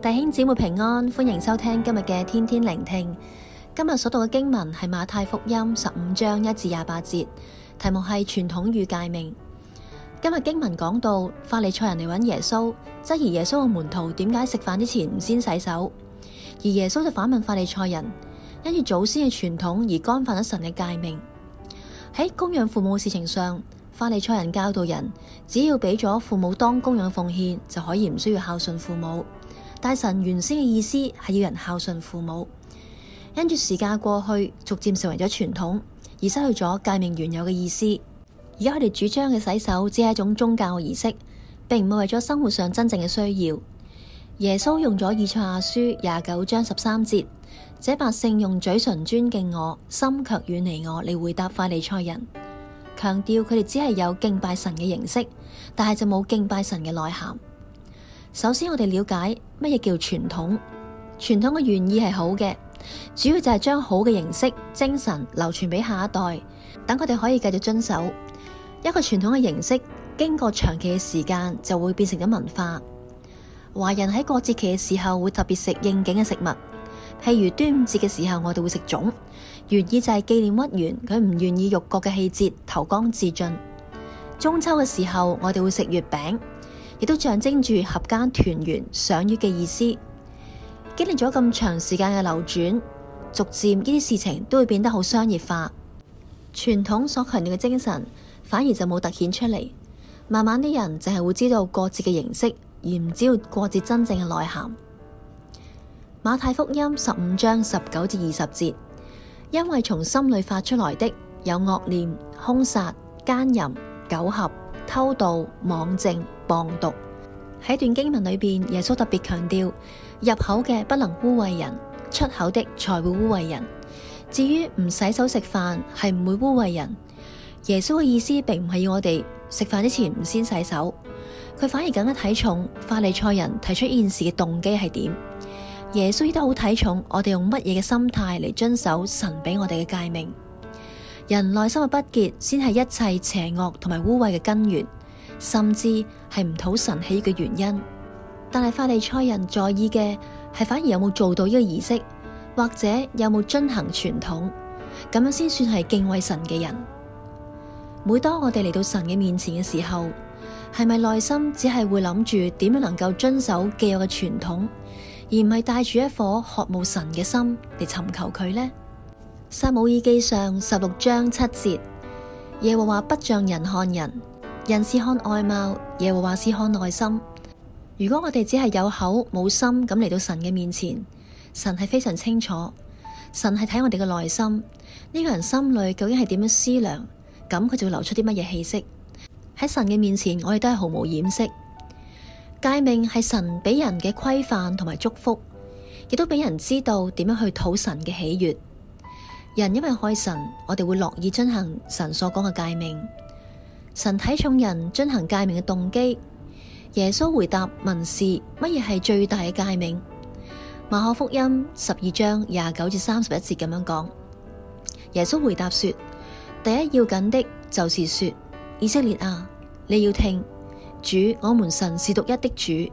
弟兄姊妹平安，歡迎收聽今日嘅天天聆聽。今日所讀嘅經文係馬太福音十五章一至廿八節，題目係傳統與誡命。今日經文講到法利賽人嚟揾耶穌，質疑耶穌嘅門徒點解食飯之前唔先洗手，而耶穌就反問法利賽人，因住祖先嘅傳統而干犯咗神嘅誡命。喺供養父母嘅事情上，法利賽人教導人，只要俾咗父母當供養奉獻，就可以唔需要孝順父母。但神原先嘅意思係要人孝順父母，因住時間過去，逐漸成為咗傳統，而失去咗誡命原有嘅意思。而家佢哋主張嘅洗手只係一種宗教嘅儀式，並唔係為咗生活上真正嘅需要。耶穌用咗以賽亞書廿九章十三節：這百姓用嘴唇尊敬我，心卻遠離我，嚟回答法利賽人，強調佢哋只係有敬拜神嘅形式，但係就冇敬拜神嘅內涵。首先，我哋了解乜嘢叫傳統。傳統嘅原意係好嘅，主要就係將好嘅形式、精神流傳俾下一代，等佢哋可以繼續遵守。一個傳統嘅形式，經過長期嘅時間就會變成咗文化。華人喺過節期嘅時候，會特別食應景嘅食物，譬如端午節嘅時候，我哋會食粽，原意就係紀念屈原，佢唔願意辱國嘅氣節投江自盡。中秋嘅時候，我哋會食月餅。亦都象徵住合家團圓、賞月嘅意思。經歷咗咁長時間嘅流轉，逐漸呢啲事情都會變得好商業化，傳統所強調嘅精神反而就冇突顯出嚟。慢慢啲人淨係會知道過節嘅形式，而唔知道過節真正嘅內涵。馬太福音十五章十九至二十節，因為從心裏發出來的有惡念、凶殺、姦淫、苟合、偷盜、妄證。棒讀，喺段經文裏邊，耶穌特別強調入口嘅不能污穢人，出口的才會污穢人。至於唔洗手食飯係唔會污穢人，耶穌嘅意思並唔係要我哋食飯之前唔先洗手，佢反而更加睇重法利賽人提出現時嘅動機係點。耶穌亦都好睇重我哋用乜嘢嘅心態嚟遵守神俾我哋嘅誡命。人內心嘅不潔先係一切邪惡同埋污穢嘅根源。甚至係唔討神喜嘅原因，但係法利賽人在意嘅係反而有冇做到呢個儀式，或者有冇遵行傳統，咁樣先算係敬畏神嘅人。每當我哋嚟到神嘅面前嘅時候，係咪內心只係會諗住點樣能夠遵守既有嘅傳統，而唔係帶住一顆渴慕神嘅心嚟尋求佢呢？撒母耳記上十六章七節，耶和華不像人看人。人是看外貌，耶和華是看內心。如果我哋只係有口冇心咁嚟到神嘅面前，神係非常清楚，神係睇我哋嘅內心呢、這個人心裏究竟係點樣思量，咁佢就會流出啲乜嘢氣息喺神嘅面前，我哋都係毫無掩飾。誡命係神俾人嘅規範同埋祝福，亦都俾人知道點樣去討神嘅喜悦。人因為愛神，我哋會樂意遵行神所講嘅誡命。神睇重人遵行誡命嘅動機，耶穌回答文士乜嘢係最大嘅誡命？馬可福音十二章廿九至三十一節咁樣講，耶穌回答說：第一要緊的，就是說，以色列啊，你要聽主，我們神是獨一的主，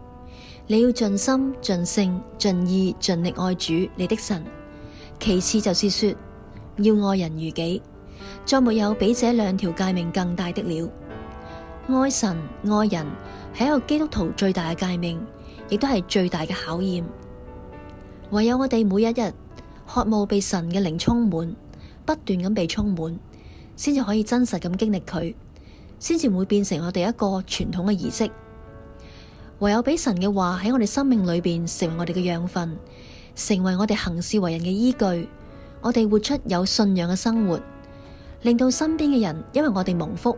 你要盡心、盡性、盡意、盡力愛主你的神。其次就是說，要愛人如己。再沒有比這兩條誡命更大的了。愛神、愛人係一個基督徒最大嘅誡命，亦都係最大嘅考驗。唯有我哋每一日渴望被神嘅靈充滿，不斷咁被充滿，先至可以真實咁經歷佢，先至唔會變成我哋一個傳統嘅儀式。唯有俾神嘅話喺我哋生命裏面成為我哋嘅養分，成為我哋行事為人嘅依據，我哋活出有信仰嘅生活。令到身邊嘅人，因為我哋蒙福，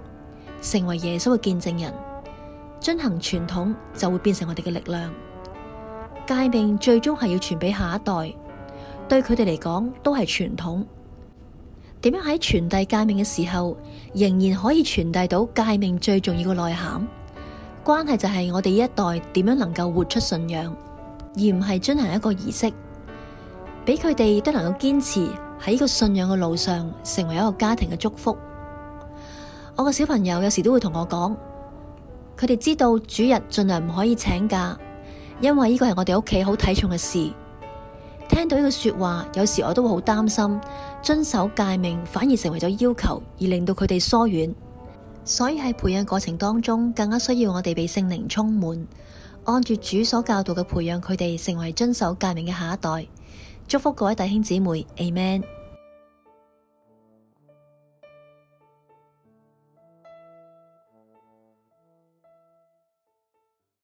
成為耶穌嘅見證人，遵行傳統就會變成我哋嘅力量。誡命最終係要傳俾下一代，對佢哋嚟講都係傳統。點樣喺傳遞誡命嘅時候，仍然可以傳遞到誡命最重要嘅內涵？關係就係我哋呢一代點樣能夠活出信仰，而唔係進行一個儀式，俾佢哋都能夠堅持。喺呢個信仰嘅路上，成為一個家庭嘅祝福。我個小朋友有時都會同我講，佢哋知道主日盡量唔可以請假，因為呢個係我哋屋企好睇重嘅事。聽到呢句說話，有時我都會好擔心，遵守誡命反而成為咗要求，而令到佢哋疏遠。所以喺培養過程當中，更加需要我哋被聖靈充滿，按住主所教導嘅培養佢哋，成為遵守誡命嘅下一代。祝福各位弟兄姊妹，Amen。